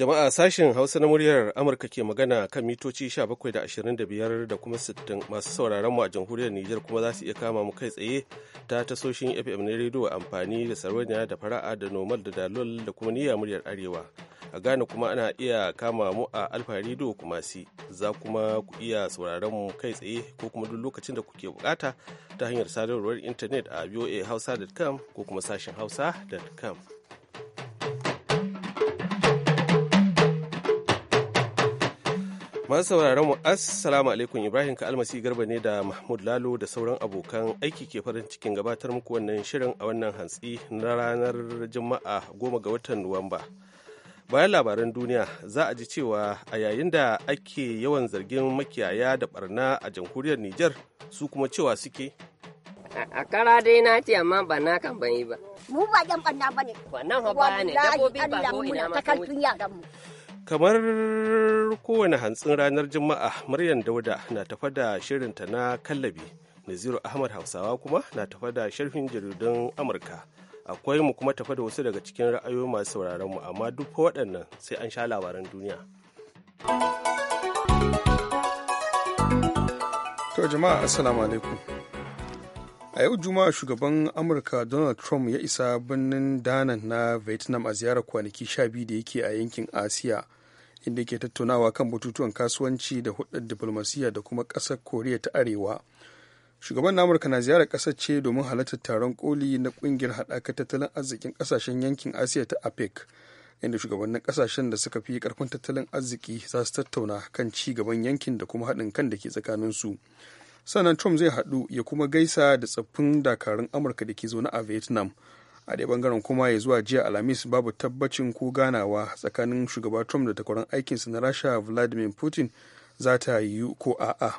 Jama'a sashen Hausa na muryar Amurka ke magana kan mitoci 17.25 da da kuma 60 masu sauraron mu a jamhuriyar Nijar kuma za su iya kama mu kai tsaye ta tasoshin FM na rediyo amfani da sarwaniya da fara'a da nomal da dalol da kuma niyya muryar Arewa. A Ghana kuma ana iya kama mu a Alfa rediyo kuma si za kuma ku iya sauraron mu kai tsaye ko kuma duk lokacin da kuke bukata ta hanyar sadarwar intanet a voahausa.com ko kuma sashen hausa.com. Masu sauraron mu assalamu alaikum Ibrahim ka almasi garba ne da Mahmud Lalo da sauran abokan aiki ke farin cikin gabatar muku wannan shirin a wannan hantsi na ranar Juma'a goma ga watan Nuwamba. Bayan labaran duniya za a ji cewa a yayin da ake yawan zargin makiyaya da barna a jamhuriyar Nijar su kuma cewa suke a kara dai na ce amma ba na kan ban yi ba. Mu ba jan banna ba ne. Wannan ba ne dabobi ba ko ina ma. Wallahi mu. kamar kowane hantsin ranar juma'a maryam dauda na tafa da shirinta na kallabi naziru ahmad hausawa kuma na tafa da sharhin jaridun amurka akwai mu kuma tafa da wasu daga cikin ra'ayoyi masu sauraron mu amma duk waɗannan sai an sha labaran duniya to jama'a assalamu alaikum a yau juma'a shugaban amurka donald trump ya isa birnin danan na vietnam a ziyarar kwanaki sha biyu da yake a yankin asiya inda ke tattaunawa kan batutuwan kasuwanci da hudar diplomasiya da kuma kasar koriya ta arewa shugaban na amurka na ziyarar ƙasar ce domin halartar taron koli na ƙungiyar haɗaka tattalin arzikin kasashen yankin asiya ta apec inda shugabannin ƙasashen da suka fi karfin tattalin arziki za su tattauna kan ci gaban yankin da kuma haɗin kan da ke su sannan trump zai haɗu ya kuma gaisa da tsaffin dakarun amurka da ke zaune a vietnam a dai bangaren kuma ya zuwa jiya alhamis babu tabbacin ko ganawa tsakanin shugaba trump da takwaran aikinsa na rasha vladimir putin za ta yiwu ko a'a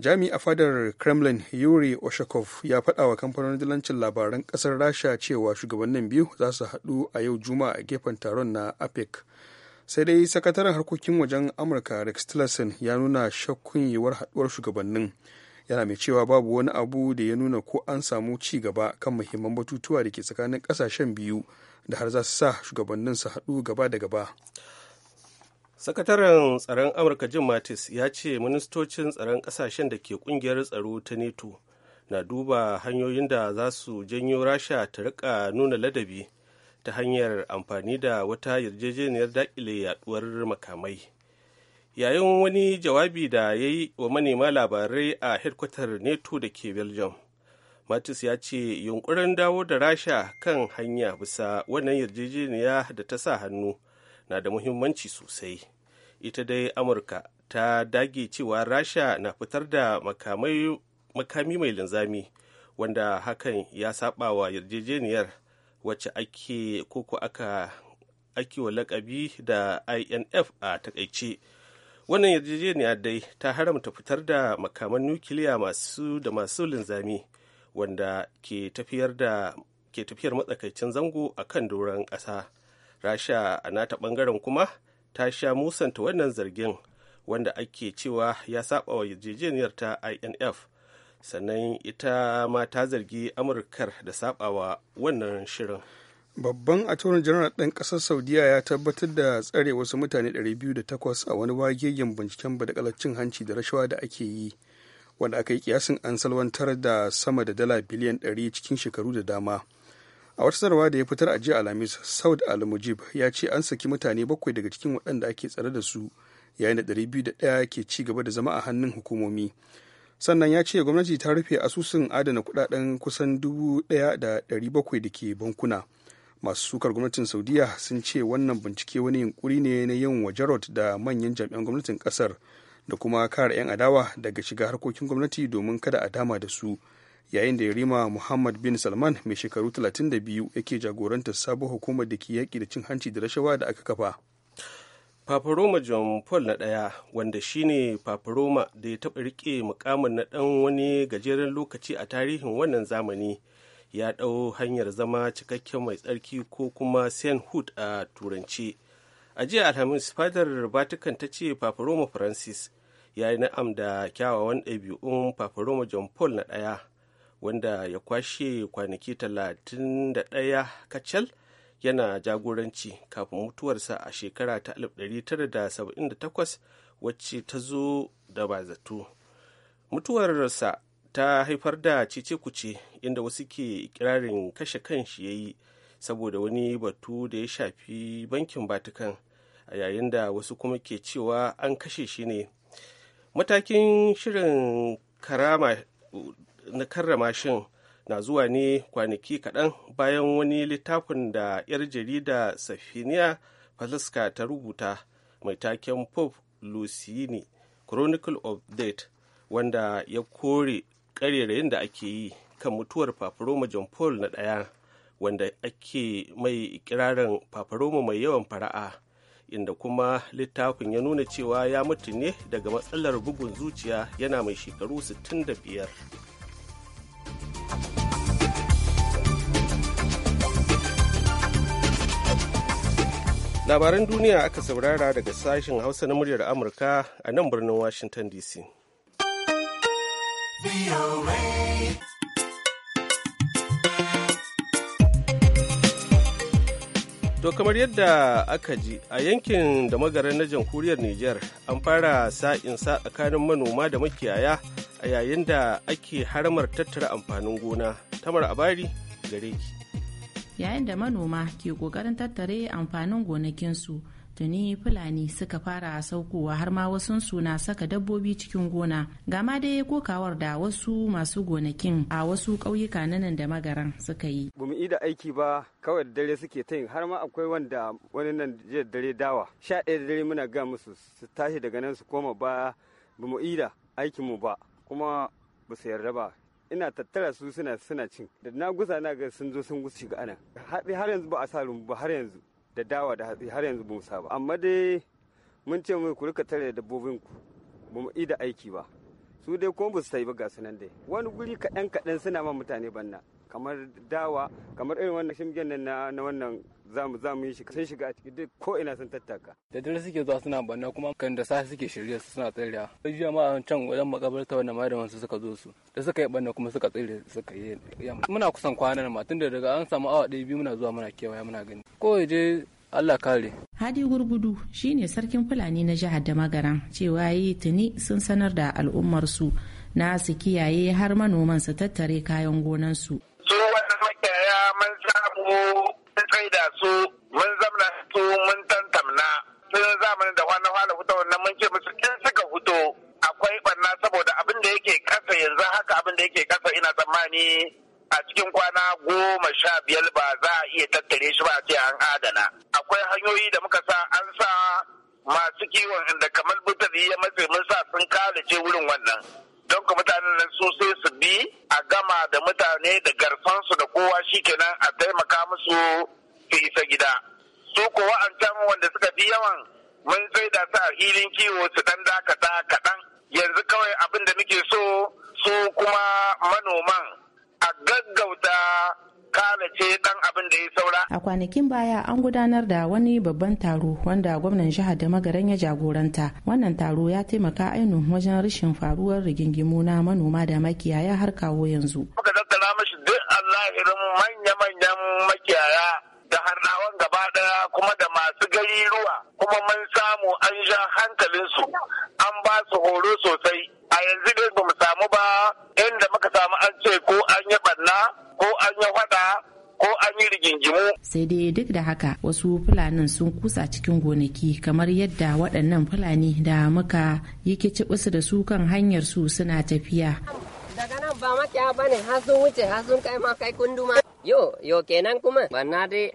jami a fadar kremlin yuri oshakov ya faɗa wa kamfanin dalancin labaran ƙasar rasha cewa shugabannin biyu za su haɗu a yau juma'a a gefen taron na apec sai dai sakataren harkokin wajen amurka rex tillerson ya nuna shakkun yiwuwar haɗuwar shugabannin yana mai cewa babu wani abu da ya nuna ko an samu ci gaba kan muhimman batutuwa da ke tsakanin kasashen biyu da har za su sa shugabannin su haɗu gaba da gaba sakataren tsaron amurka jim mattis ya ce ministocin tsaron kasashen da ke kungiyar tsaro ta neto na duba hanyoyin da za su janyo rasha ta rika nuna ladabi ta hanyar amfani da wata yarjejeniyar dakile yaduwar makamai yayin wani jawabi da ya yi wa manema labarai a hedkwatar neto da ke belgium matis ya ce yunkurin dawo da rasha kan hanya bisa wannan yarjejeniya da ta sa hannu na da muhimmanci sosai ita dai amurka ta dage cewa rasha na fitar da makami mai linzami wanda hakan ya saba wa yarjejeniyar wacce ake koko aka ake wa lakabi da inf a takaice wannan yarjejeniya dai ta haramta fitar da makaman nukiliya masu da masu linzami wanda ke tafiyar da ke tafiyar matsakaicin zango a kan doron ƙasa rasha a nata ɓangaren kuma ta sha musanta wannan zargin wanda ake cewa ya saba wa yarjejeniyar ta inf sannan ita ma ta zargi amurkar da sabawa wannan shirin babban attorney general ɗan ƙasar saudiya ya tabbatar da tsare wasu mutane 208 a wani wagegen binciken badakalar cin hanci da rashawa da ake yi wanda aka yi kiyasin an salwantar da sama da dala biliyan 100 cikin shekaru da dama a wata sanarwa da ya fitar a jiya alhamis saud al-mujib ya ce an saki mutane bakwai daga cikin waɗanda ake tsare da su yayin da 201 ke ci gaba da zama a hannun hukumomi sannan ya ce gwamnati ta rufe asusun adana kudaden kusan 1,700 da ke bankuna masu sukar gwamnatin saudiya sun ce wannan bincike wani yunkuri ne na yin wa jarot da manyan jami'an gwamnatin kasar da kuma kare 'yan adawa daga shiga harkokin gwamnati domin kada a dama da su yayin da yarima muhammad bin salman mai shekaru 32 yake jagoranta sabon hukumar da ke yaƙi da cin hanci da rashawa da aka kafa Papa Roma John Paul na ɗaya wanda shine Papa Roma da ya taɓa riƙe mukamin na ɗan wani gajeren lokaci a tarihin wannan zamani ya ɗau hanyar zama cikakken mai tsarki ko kuma saint hood a Turanci. a jiya alhamis fadar Batikan ta ce paparoma francis ya yi na'am da kyawawan ɗabi'un paparoma john paul na ɗaya wanda ya kwashe kwanaki 31 kacal yana jagoranci kafin mutuwarsa a shekara ta 1978 wacce ta zo da ba zato mutuwarsa ta haifar da cece kuce inda wasu ke kirarin kashe kan shi ya yi saboda wani batu da ya shafi bankin batukan a yayin da wasu kuma ke cewa an kashe shi ne matakin shirin karama na karrama shin na zuwa ne kwanaki kaɗan bayan wani littafin da 'yar jarida safiniya falaska ta rubuta mai taken pope lucini chronicle of death wanda ya kore ƙarerayin da ake yi kan mutuwar fafaroma john paul na ɗaya wanda ake mai ikirarin fafaroma mai yawan fara'a inda kuma littafin ya nuna cewa ya mutu ne daga matsalar bugun zuciya yana mai shekaru 65 labaran duniya aka saurara daga sashen hausa na muryar amurka a nan birnin washington dc To kamar yadda aka ji a yankin da magara na jamhuriyar Nijar an fara sa'in sa tsakanin manoma da makiyaya a yayin da ake haramar tattara amfanin gona. Tamar abari gare ki. Yayin da manoma ke ƙoƙarin tattare amfanin gonakinsu. tuni fulani suka fara saukowa har ma wasu suna saka dabbobi cikin gona ga ma dai kokawar da wasu masu gonakin a wasu ƙauyuka na nan da magaran suka yi bamu ida da aiki ba kawai da dare suke ta yin har ma akwai wanda wani nan jiya dare dawa sha ɗaya da dare muna ga musu su tashi daga nan su koma ba bamu ida da aikin mu ba kuma ba su yarda ba ina tattara su suna suna cin da na gusa na ga sun zo sun gusa shiga ana har yanzu ba a sa rumbu har yanzu da dawa da hatsi har yanzu bamu sa ba amma dai mun ce mai ku rika tare da dabbobin ku ba mu ida aiki ba su dai ko ba su yi ba ga sunan dai wani guri kaɗan kaɗan suna ma mutane banna kamar dawa kamar irin wannan shimgen nan na wannan zamu zamu yi shi sun shiga a ciki duk ko ina sun tattaka da dare suke zuwa suna banna kuma kan da sai suke shirye su suna tsirya sai jiya ma an can wajen makabarta wannan malaman su suka zo su da suka yi banna kuma suka tsire suka yi muna kusan kwanan ma tunda daga an samu awa ɗaya biyu muna zuwa muna kewaya muna gani ko je Allah kare. Hadi Gurgudu shine sarkin Fulani na jihar damagaran cewa yi tuni sun sanar da al'ummarsu na su kiyaye har manoman su tattare kayan gonansu. mu ta tsaida su mun zamna su mun tantamna sun zamanin da wani fara fito wannan mun ce musu in suka fito akwai barna saboda abin da yake kasa yanzu haka abin da yake kasa ina tsammani a cikin kwana goma sha biyar ba za a iya tattare shi ba a ce an adana akwai hanyoyi da muka sa an sa masu kiwon inda kamar butar ya matse mun sa sun kalace wurin wannan don ka mutanen nan su sai su bi a gama da mutane da garfansu da kowa shi kenan a taimaka musu su isa gida su an tamu wanda suka fi yawan mun sai da su a filin kiwo su dan dakata kaɗan yanzu kawai abin da muke so su kuma manoman a gaggawa ce dan abin da ya saura. A kwanakin baya an gudanar da wani babban taro wanda gwamnan jihar da magaran ya jagoranta. Wannan taro ya taimaka ainihin wajen rashin faruwar rigingimu na manoma da makiyaya har kawo yanzu. Muka tattara mashi duk allahirin manya-manyan makiyaya da harnawan gaba daya kuma da masu gari ruwa kuma mun samu an sha su an ba su horo sosai a yanzu dai ba mu samu ba inda muka samu an ce ko an yi ɓanna ko an yi faɗa ko an yi rigingimu. Sai dai duk da haka wasu fulanin sun kusa cikin gonaki kamar yadda waɗannan fulani da muka yi kicibisu da su kan hanyar su suna tafiya. Daga nan ba makiya bane har sun wuce har sun kai ma kai kunduma. Yo, yo kenan kuma. na dai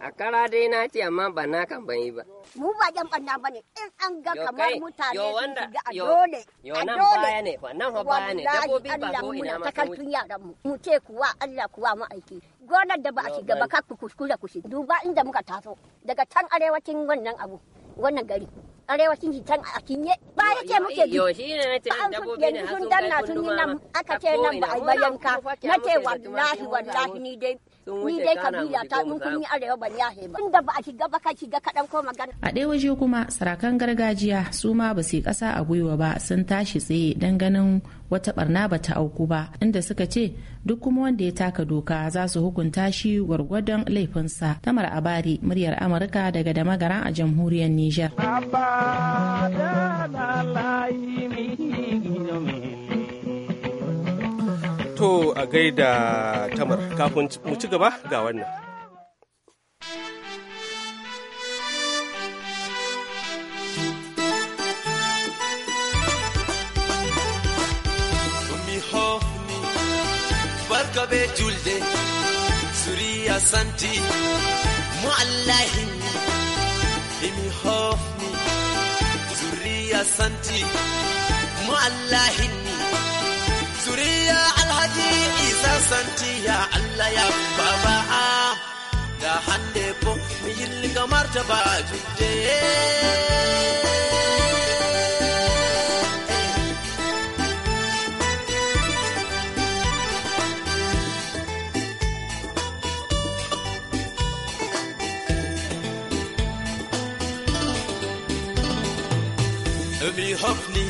A kara dai na ce amma ba na kan ban yi ba. Mu ba jan banna ba ne in an ga kamar mutane su shiga a dole. Yo nan baya ne fa nan fa baya ne dabbobi ba ko ina ma. Takalfin yaran mu mu ce kuwa Allah kuwa mu aiki. Gonar da ba a shiga ba ku kuskure kushi duba inda muka taso daga can arewacin wannan abu wannan gari. arewacin hitan a kinye ba ya ce muke bi an yanzu sun danna sun yi nan aka ce nan ba a bayan bayanka na ce wallahi wallahi ni dai ni dai kabila ta mun kun yi arewa inda ba a shiga ba shiga kaɗan ko magana a ɗaya waje kuma sarakan gargajiya su ma ba su ƙasa a gwiwa ba sun tashi tsaye don ganin wata barna ba ta auku ba inda suka ce duk kuma wanda ya taka doka za su hukunta shi gwargwadon laifinsa tamar abari muryar amurka daga damagaran a jamhuriyar niger To a gaida tamar kafin mu ci gaba ga wannan. barka be julde suriya santi mu imi hofni suriya santi mu zuriya alhaji isa santi ya allah ya baba da hande bo mi yilga martaba jidde Ömrü hafni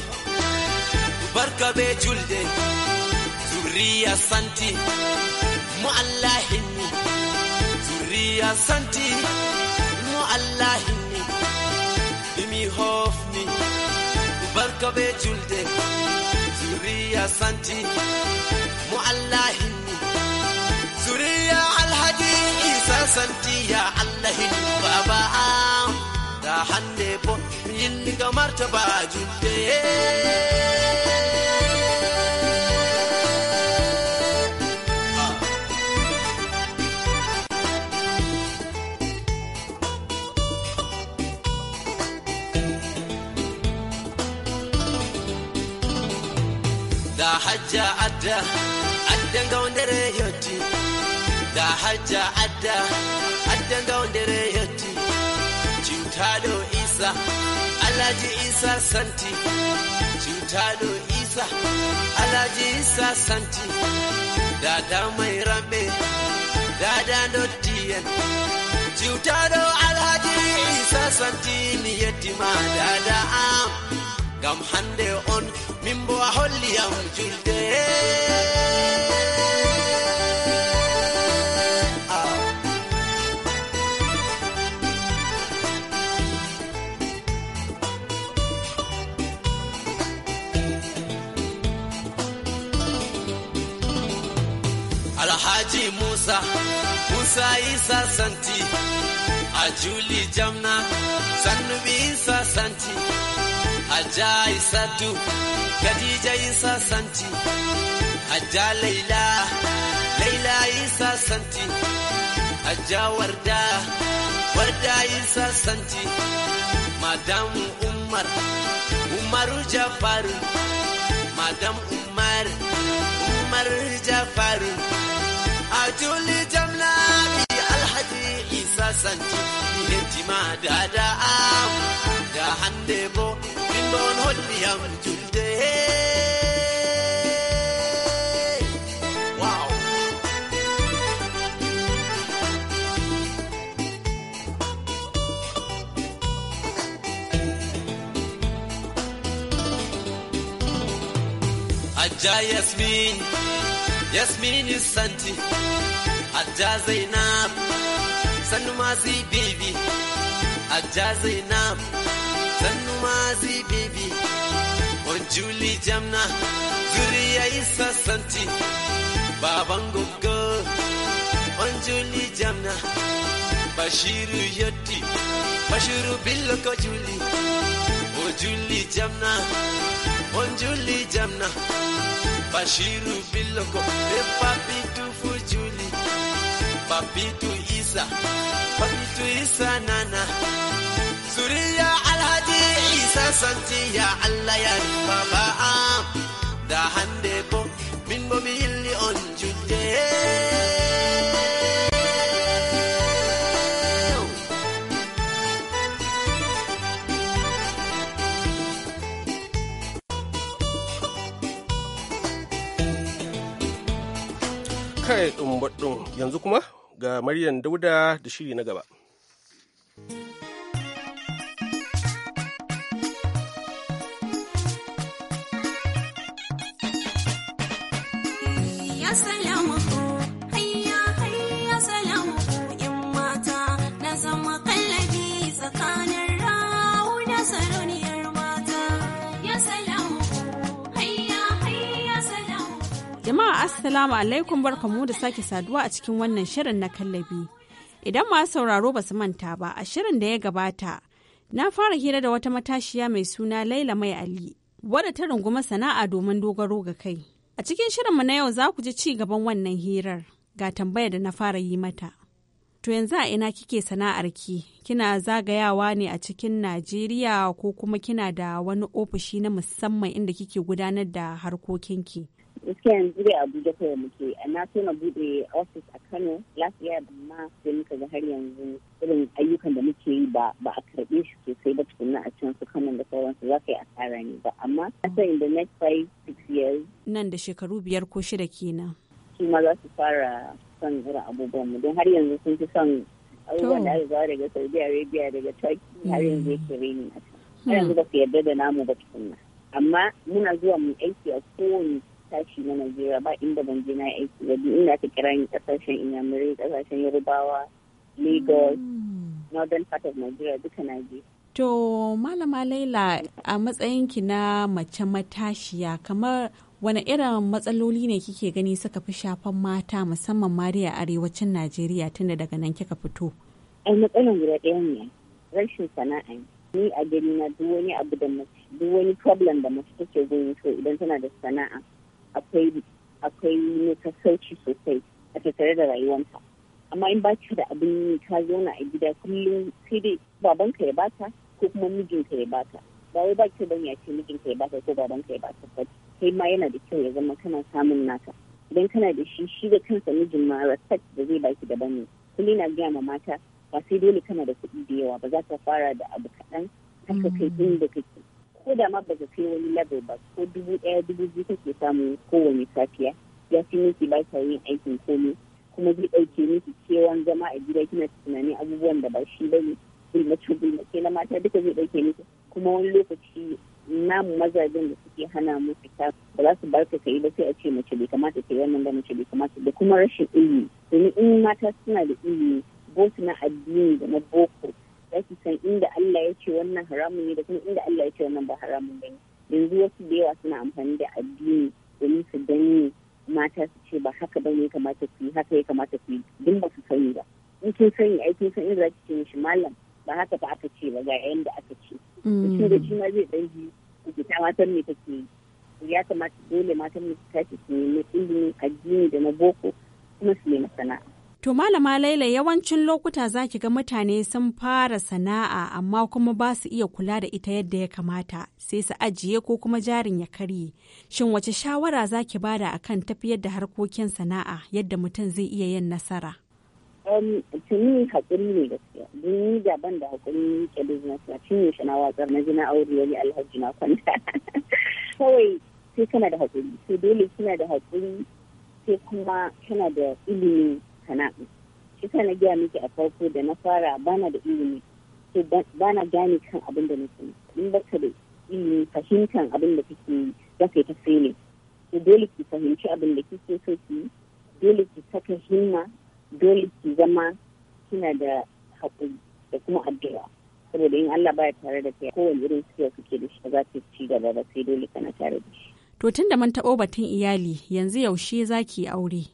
barka be julde zuriya santi mu allahinni zuriya santi mu allahinni imi hofni barka be julde zuriya santi mu allahinni zuriya alhaji isa santi ya allahinni baba da hande bo yinga martaba julde ah. da hajja adda addan ga wanda yotti da hajja adda addan ga wanda cutado isa alhaji isa santi cutado isa alhaji isa santi dada mai rambe, dada dottiyen cutado alhaji isa santi ni yettima dada am gam on mimbo a a holliyam julde Musa, Musa Isa Santi, Ajuli Jamna, Sanubi Isa Santi, Aja Isatu, Khadija Isa Santi, Aja Leila, Leila Isa Santi, Aja Warda, Warda Isa Santi, Madam Umar, Umaru Jafaru, Madam Umar, Umar Jafaru. قاتوا اللي جمنا في الحدي عيسى سنتي ينتي ما دادا دا هندبو من بون هولي يوم جلدي أجا ياسمين ياسمين السنتي Ajja Zainab, sannu mazi baby. Ajja Zainab, sannu mazi baby. Jamna, zuriya isa santi. Baban gogo, on Jamna. Bashiru yoti, Bashiru biloko juli. Julie. Jamna, onjuli Jamna. Bashiru biloko. ko, papi tufu Babitu Isa, Babitu Isa Nana, Suriya Alhaji Isa Santi ya Allah ya Baba da hande min bo mi on jude. kai um, yanzu kuma ga Maryam Dauda da shiri na gaba. Assalamu alaikum barkamu da sake saduwa a cikin wannan shirin na kallabi. Idan masu sauraro ba su manta ba a shirin da ya gabata, na fara hira da wata matashiya mai suna Laila Mai Ali, wadda ta runguma sana'a domin dogaro ga kai. A cikin shirinmu na yau za ku ji ci gaban wannan hirar ga tambayar da na fara yi mata. To yanzu a ina kike sana'arki, kina zagayawa ne a cikin Najeriya ko kuma kina da wani ofishi na musamman inda kike gudanar da harkokinki. gaskiya yanzu dai abuja kawai muke a na so na bude office a kano last year amma sai muka ga har yanzu irin ayyukan da muke yi ba ba a karbe shi sosai ba tukunna a can su kano da sauransu za ka yi asara ne ba amma a san in the next five six years nan da shekaru biyar ko shida kenan su ma za su fara son irin abubuwan mu don har yanzu sun fi son abubuwan da aka zawa daga saudi arabia daga turkey har yanzu ya hmm. yake reni a can har hmm. yanzu ba su yarda da namu ba tukunna amma muna zuwa mu aiki a kowane tashi na Najeriya ba inda ban je na aiki ba duk inda ka kira ni kasashen Inyamurai kasashen Yarubawa Lagos mm. northern part of Nigeria duka na je To Malama Laila a matsayinki na mace matashiya kamar wani irin matsaloli ne kike gani suka fi shafan mata musamman ma a arewacin Najeriya tunda daga nan kika fito? Ai matsalan guda ɗaya ne rashin sana'a ni a gani na duk wani abu da mace duk wani problem da mace take gani so idan tana da sana'a akwai akwai sauci sosai a tattare da rayuwanta amma in baki da abin yi ka zauna a gida kullum sai dai babanka ya bata ko kuma mijinka ya bata ba wai ba kyau ya ce mijinka ya bata ko babanka ya bata ba kai ma yana da kyau ya zama kana samun naka idan kana da shi shi da kansa mijin ma respect da zai baki daban ne kullum na gaya ma mata ba sai dole kana da kuɗi da yawa ba za ka fara da abu kaɗan haka kai inda kake ko da ma ba kai wani level ba ko dubu ɗaya dubu biyu kake samu kowane safiya ya fi miki ba ka yin aikin komai kuma zai ɗauke miki kewan zama a gida kina tunani abubuwan da ba shi ba ne gulmace gulmace na mata duka zai ɗauke miki kuma wani lokaci namu mazajen da suke hana mu fita ba za su barka kai ba sai a ce mace bai kamata ta yi wannan ba mace bai kamata da kuma rashin ilimi domin in mata suna da ilimi both na addini da na boko za san inda Allah ya ce wannan haramun ne da kuma inda Allah ya ce wannan ba haramun ba ne yanzu wasu da yawa suna amfani da addini domin su danne mata su ce ba haka ba ne kamata su yi haka ya kamata su yi duk ba su sani ba in kin sani ai kin san inda za ki ce mishi malam ba haka ba aka ce ba ga yayin da aka ce mm. shi da shi ma zai dan ji ku ta matan me take yi ya kamata dole matan ne su tashi su nemi ilimin addini da na boko kuma su nemi sana'a To malama Laila yawancin lokuta za ki ga mutane sun fara sana'a amma kuma ba su iya kula da ita yadda ya kamata sai su ajiye ko kuma jarin ya karye. Shin wace shawara za ki bada kan tafiyar da harkokin sana'a yadda mutum zai iya yin nasara? Um, tuni haƙuri ne gaskiya ni daban da haƙuri ke business na cinye shi na watsar na jina aure wani alhaji na kwanta kawai sai kana da haƙuri sai dole kina da haƙuri sai kuma kana da ilimi sana'a shi na gaya miki a farko da na fara bana da ilimi to bana gane kan abin da nake in baka da ilimi fahimtar abin da kake yi za ka yi ta ne to dole ki fahimci abin da kike so ki dole ki saka himma dole ki zama kina da haƙuri da kuma addu'a saboda in Allah baya tare da kai kowane irin skill kake da shi ba za ka ci gaba ba sai dole kana tare da shi to tun da man taɓo batun iyali yanzu yaushe za ki aure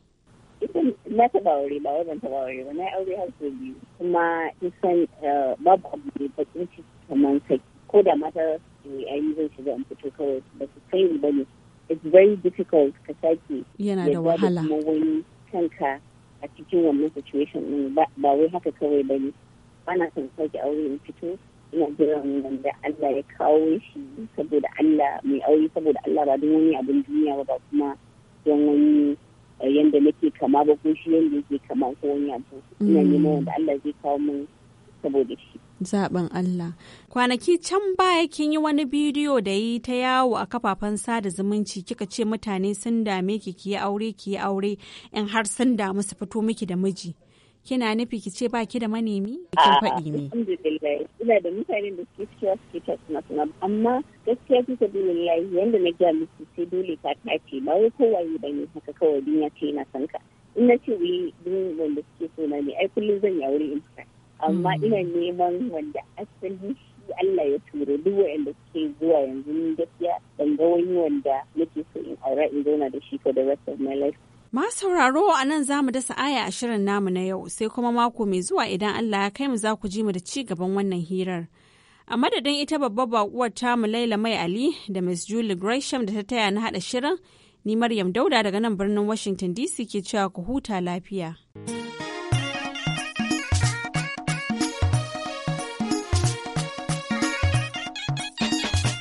idan na taɓa aure ba wai ban taɓa aure ba na aure har sau biyu kuma isan eh, babu abu ne bakin ciki kamar saki ko da mata yayi zai shiga in fito kawai ba su kai ni ba ne it's very difficult ka sake yana da wahala kuma wani kanka a cikin wannan situation din ba wai haka kawai ba ne ba na son sake aure in fito ina jiran wanda Allah ya kawo shi saboda Allah mai aure saboda Allah ba don wani abin duniya ba ba kuma don wani Eh, yadda nake kama ba ko shi yadda yake kama ko wani abu ina mm. neman wanda Allah zai kawo min saboda shi zaben Allah kwanaki can baya kin yi wani bidiyo da yi ta yawo a kafafen sada zumunci kika ce mutane sun dame ki ki aure ki aure in har sun damu su fito miki da miji kina nufi ki ce baki da manemi kin faɗi ne ina da mutane da suke cewa suke ta suna suna amma gaskiya fi sabilillah yanda na ga musu sai dole ka tace ba wai kowaye bane haka kawai duniya ce na san ka in na ce wai wanda suke so na ne ai kullum zan yi aure in fita amma mm. ina neman wanda asali shi Allah ya turo duk wanda suke zuwa yanzu gaskiya ban ga wani wanda nake so in aura in zauna da shi for the rest of my life Masu sauraro a nan za mu dasa aya a shirin namu na yau sai kuma mako mai zuwa idan Allah ya kai mu za ku ji mu da ci gaban wannan hirar. A madadin ita babbar bakuwar mu Laila Mai Ali da Miss Julie Gresham da ta taya na haɗa shirin, ni Maryam Dauda daga nan birnin Washington DC ke cewa ku huta lafiya.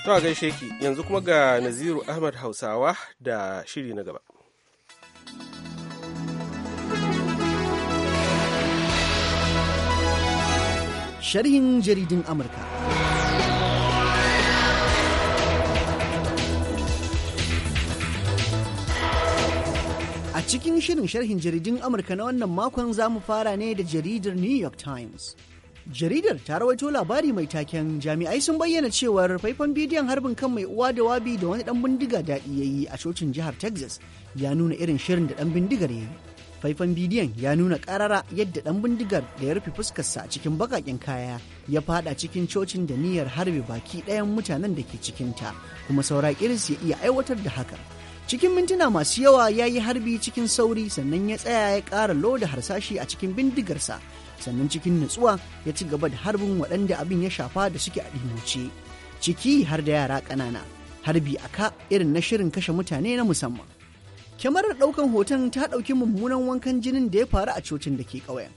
To gaishe ki yanzu kuma ga Naziru Ahmad Hausawa da shiri na gaba. sharhin jaridin Amurka. A cikin shirin sharhin jaridin Amurka na wannan makon za mu fara ne da jaridar New York Times. Jaridar ta rawaito labari mai taken jami'ai sun bayyana cewar faifan bidiyon harbin kan mai uwa da wabi da wani dan bindiga daɗi ya yi a cocin jihar Texas ya nuna irin shirin da dan bindigar ya yi. faifan bidiyon ya nuna karara yadda dan bindigar da ya rufe fuskarsa a cikin bakakin kaya ya fada cikin cocin da niyyar harbe baki ɗayan mutanen da ke cikinta kuma saura kiris ya iya aiwatar da haka cikin mintuna masu yawa ya yi harbi cikin sauri sannan ya tsaya ya ƙara loda harsashi a cikin bindigarsa sannan cikin nutsuwa ya ci gaba da harbin waɗanda abin ya shafa da suke a ciki har da yara ƙanana harbi aka irin na shirin kashe mutane na musamman kyamarar ɗaukan hoton ta ɗauki mummunan wankan jinin da ya faru a cocin da ke ƙauyen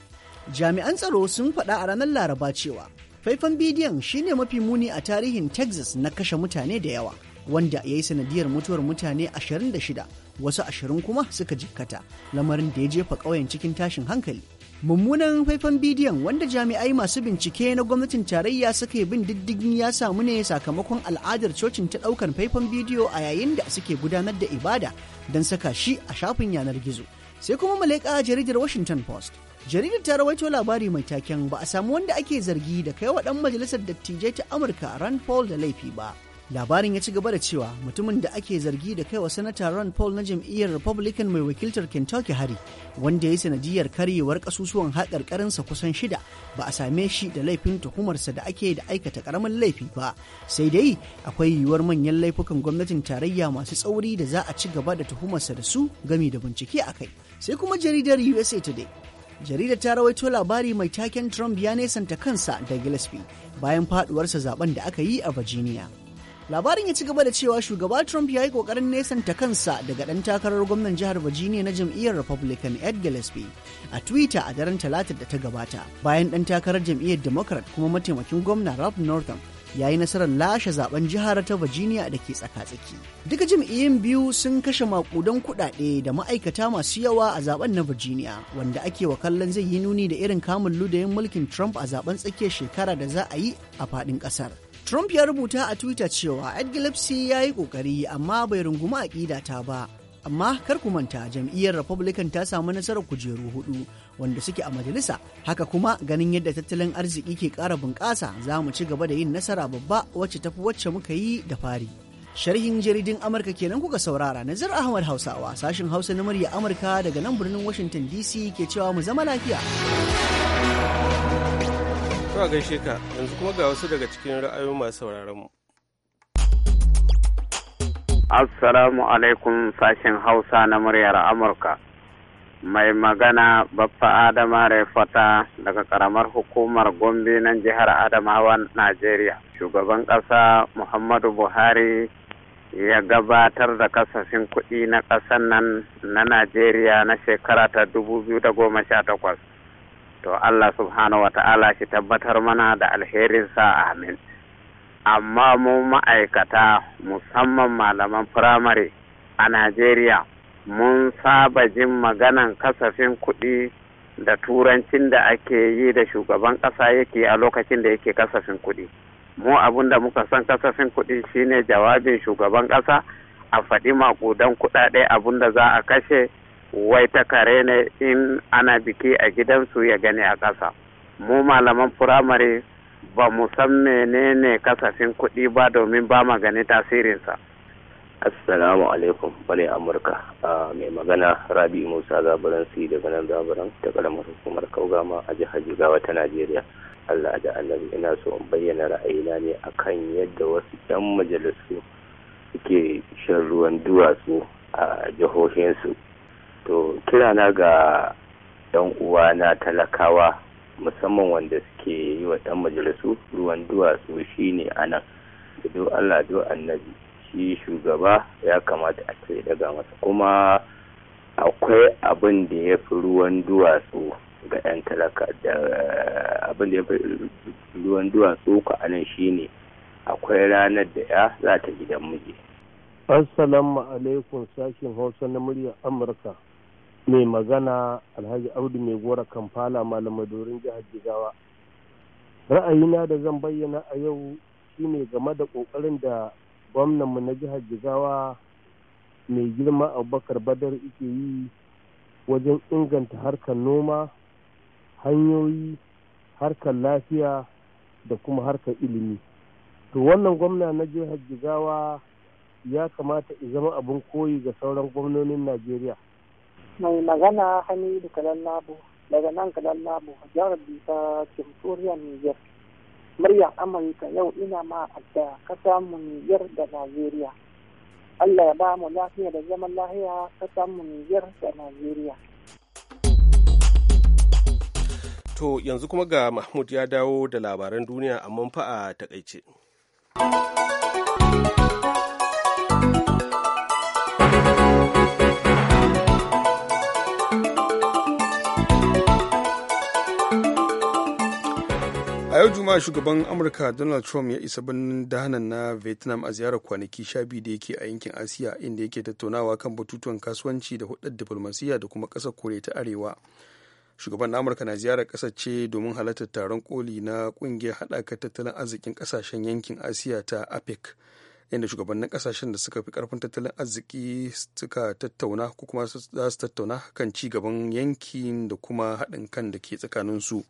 jami'an tsaro sun faɗa a ranar laraba cewa faifan bidiyon shine mafi muni a tarihin texas na kashe mutane da yawa wanda ya yi sanadiyar mutuwar mutane 26 wasu 20 kuma suka jikkata lamarin da ya jefa ƙauyen cikin tashin hankali mummunan faifan bidiyon wanda jami'ai masu bincike na gwamnatin tarayya suka yi bin diddigin ya samu ne sakamakon al'adar cocin ta ɗaukar faifan bidiyo a yayin da suke gudanar da ibada don saka shi a shafin yanar gizo sai kuma malaika jaridar washington post jaridar ta rawaito labari mai taken ba a samu wanda ake zargi da kai wa ɗan majalisar dattijai ta amurka rand paul da laifi ba labarin ya ci gaba da cewa mutumin da ake zargi da kaiwa sanata ron paul na jam'iyyar republican mai wakiltar kentucky hari wanda ya yi sanadiyyar karyewar kasusuwan haƙarƙarinsa kusan shida ba a same shi da laifin tuhumarsa da ake da aikata ƙaramin laifi ba sai dai akwai yiwuwar manyan laifukan gwamnatin tarayya masu tsauri da za a ci gaba da tuhumarsa da su gami da bincike a kai sai kuma jaridar usa today jaridar ta rawaito labari mai taken trump ya nesanta kansa da gillespie bayan faduwarsa zaben da aka yi a virginia labarin ya ci gaba da cewa shugaba trump ya yi kokarin nesanta kansa daga ɗan takarar gwamnan jihar virginia na jam'iyyar republican ed gillespie a twitter a daren talatar da ta gabata bayan ɗan takarar jam'iyyar democrat kuma mataimakin gwamna ralph northam ya yi nasarar lashe zaben jihar ta virginia da ke tsaka-tsaki duka jam'iyyun biyu sun kashe makudan kuɗaɗe da ma'aikata masu yawa a zaben na virginia wanda ake wa kallon zai yi nuni da irin kamun ludayin mulkin trump a zaben tsakiyar shekara da za a yi a faɗin ƙasar Trump ya rubuta a Twitter cewa Ed Gillespie ya yi ƙoƙari amma bai rungumi aƙida ta ba. Amma kar ku manta jam'iyyar Republican ta samu nasarar kujeru hudu wanda suke a majalisa. Haka kuma ganin yadda tattalin arziki ke ƙara bunƙasa za mu ci gaba da yin nasara babba wacce tafi wacce muka yi da fari. Sharhin jaridin Amurka kenan kuka saurara nazar Ahmad Hausawa sashin Hausa na murya Amurka daga nan birnin Washington DC ke cewa mu zama lafiya. a gaishe ka yanzu kuma ga wasu daga cikin ra'ayoyin masu sauraron mu. Assalamu alaikum sashen Hausa na muryar Amurka. Mai magana Baffa Adama Refata daga karamar hukumar Gombe nan jihar Adamawa, Najeriya. Shugaban ƙasa Muhammadu Buhari ya gabatar da kasafin kuɗi na ƙasar nan na Najeriya na shekara ta 2018. to Allah subhanahu ta'ala shi tabbatar mana da alherinsa amin amma mu ma'aikata musamman malaman firamare a Najeriya mun saba jin maganan kasafin kuɗi da turancin da ake yi da shugaban ƙasa yake a lokacin da yake kasafin kuɗi mu abin da muka san kasafin kuɗi shine jawabin shugaban ƙasa a faɗi maƙudan kuɗaɗe abin da za a kashe wai ta kare ne in ana biki a gidansu ya gani a ƙasa mu malaman firamare ba mu san menene kasafin kuɗi ba domin ba ma gani tasirinsa assalamu alaikum bale amurka mai magana rabi musa zaburan su daga nan zaburan ta karamar hukumar kaugama a jihar jigawa ta najeriya allah da Allah ina so in bayyana ra'ayina ne a kan yadda wasu 'yan majalisu suke shan ruwan duwatsu a jihohinsu to kirana ga yan uwa na talakawa musamman wanda suke yi wa ɗan majalisu ruwan duwatsu shi ne anan da do Allah do annabi shi shugaba ya kamata a ce daga masa kuma akwai abin da ya fi ruwan duwatsu ga 'yan talaka da abin da ya fi ruwan duwatsu ku shi ne. akwai ranar da ya za ta gidan miji assalamu alaikum sashin hausa na murya amurka mai magana alhaji audu mai gora kamfala malamadorin jihar jigawa ra'ayina da zan bayyana a yau shine game da ƙoƙarin da gwamnanmu na jihar jigawa mai girma abubakar badar ike yi wajen inganta harkar noma hanyoyi harkar lafiya da kuma harkar ilimi to wannan gwamna na jihar jigawa ya kamata zama abin koyi ga sauran gwamnonin najeriya mai magana hamidu kalallabo daga nan a jihar bisa jamhuriyar niger muryar amurka yau ina ma da kasa mu niger da najeriya allah ya ba mu lafiya da zaman lahiya kasa mu niger da najeriya to yanzu kuma ga mahmud ya dawo da labaran duniya amma fa a takaice. yau juma'a shugaban amurka donald trump ya isa birnin dahanan na vietnam a ziyarar kwanaki sha da yake a yankin asiya inda yake tattaunawa kan batutuwan kasuwanci da hudar diplomasiya da kuma ƙasar kore ta arewa shugaban na amurka na ziyarar ƙasar ce domin halartar taron koli na ƙungiyar haɗaka tattalin arzikin ƙasashen yankin asiya ta apec inda shugabannin ƙasashen da suka fi ƙarfin tattalin arziki suka tattauna ko kuma za su tattauna kan ci gaban yankin da kuma haɗin kan da ke tsakaninsu su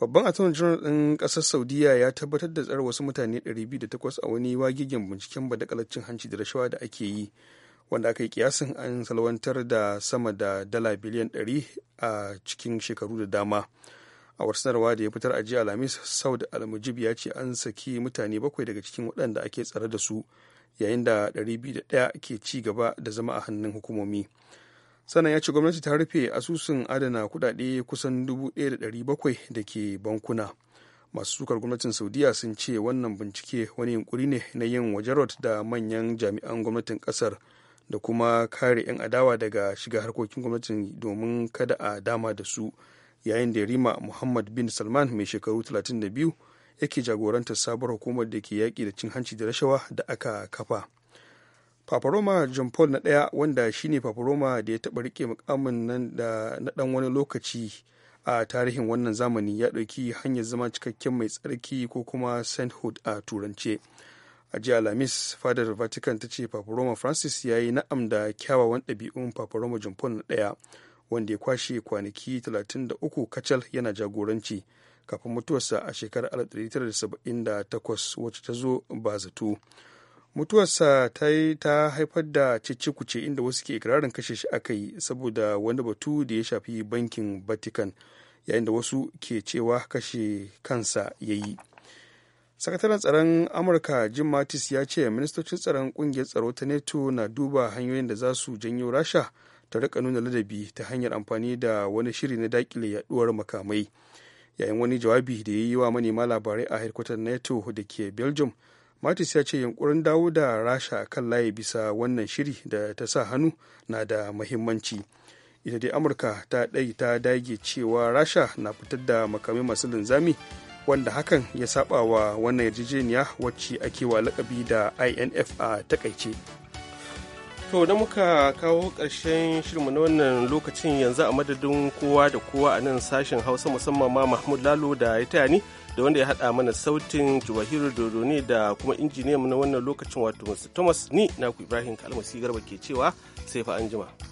babban attorney general ɗin ƙasar saudiya ya tabbatar da tsare wasu mutane 208 a wani wagigin binciken badakalar hanci da rashawa da ake yi wanda aka yi kiyasin an salwantar da sama da dala biliyan 100 a cikin shekaru da dama a wata sanarwa da ya fitar a jiya alhamis saud almujib ya ce an saki mutane bakwai daga cikin waɗanda ake tsare da su yayin da 201 ke ci gaba da zama a hannun hukumomi sannan ya ce gwamnati ta rufe asusun adana kudade kusan 1,700 da ke bankuna masu sukar gwamnatin saudiya sun ce wannan bincike wani yunkuri ne na yin wajarot da manyan jami'an gwamnatin kasar da kuma kare 'yan adawa daga shiga harkokin gwamnatin domin kada a dama da su yayin da rima muhammad bin salman mai shekaru 32 yake jagorantar sabuwar hukumar da ke yaƙi da cin hanci da rashawa da aka kafa paparoma john paul na ɗaya wanda shine paparoma da ya taɓa rike mukamin nan da na ɗan wani lokaci a tarihin wannan zamani ya ɗauki hanyar zama cikakken mai tsarki ko kuma sainthood a turance a jiya alhamis fadar vatican ta ce paparoma francis ya yi na'am da kyawawan ɗabi'un paparoma john paul na ɗaya wanda ya kwashe kwanaki 33 kacal yana jagoranci kafin mutuwarsa a shekarar 1978 wacce ta zo ba zato mutuwarsa ta yi ta haifar da cece-kuce inda wasu ke ikirarin kashe shi aka yi saboda wani batu da ya shafi bankin vatican yayin da wasu ke cewa kashe kansa ya yi sakataren tsaron amurka jim mattis ya ce ministocin tsaron kungiyar tsaro ta neto na duba hanyoyin da za su janyo rasha ta rika nuna ladabi ta hanyar amfani da wani shiri na dakile yaduwar makamai yayin wani jawabi da ya yi wa manema labarai a hedkwatar neto da ke belgium matis ya ce yunkurin dawo da rasha kan layi bisa wannan shiri da ta sa hannu na da mahimmanci ita dai amurka ta ɗai ta dage cewa rasha na fitar da makamai masu linzami wanda hakan ya saba wa wannan yarjejeniya wacce ake wa lakabi da inf a takaice to da muka kawo ƙarshen shirmu na wannan lokacin yanzu a madadin kowa da kowa a nan sashen hausa musamman ma mahmud lalo da ya taya ni da wanda ya haɗa mana sautin Juwahiru Dodo da kuma injiniyan na wannan lokacin wato Mr. Thomas ni naku Ibrahim Kalmasi Garba ke cewa sai fa anjima. jima.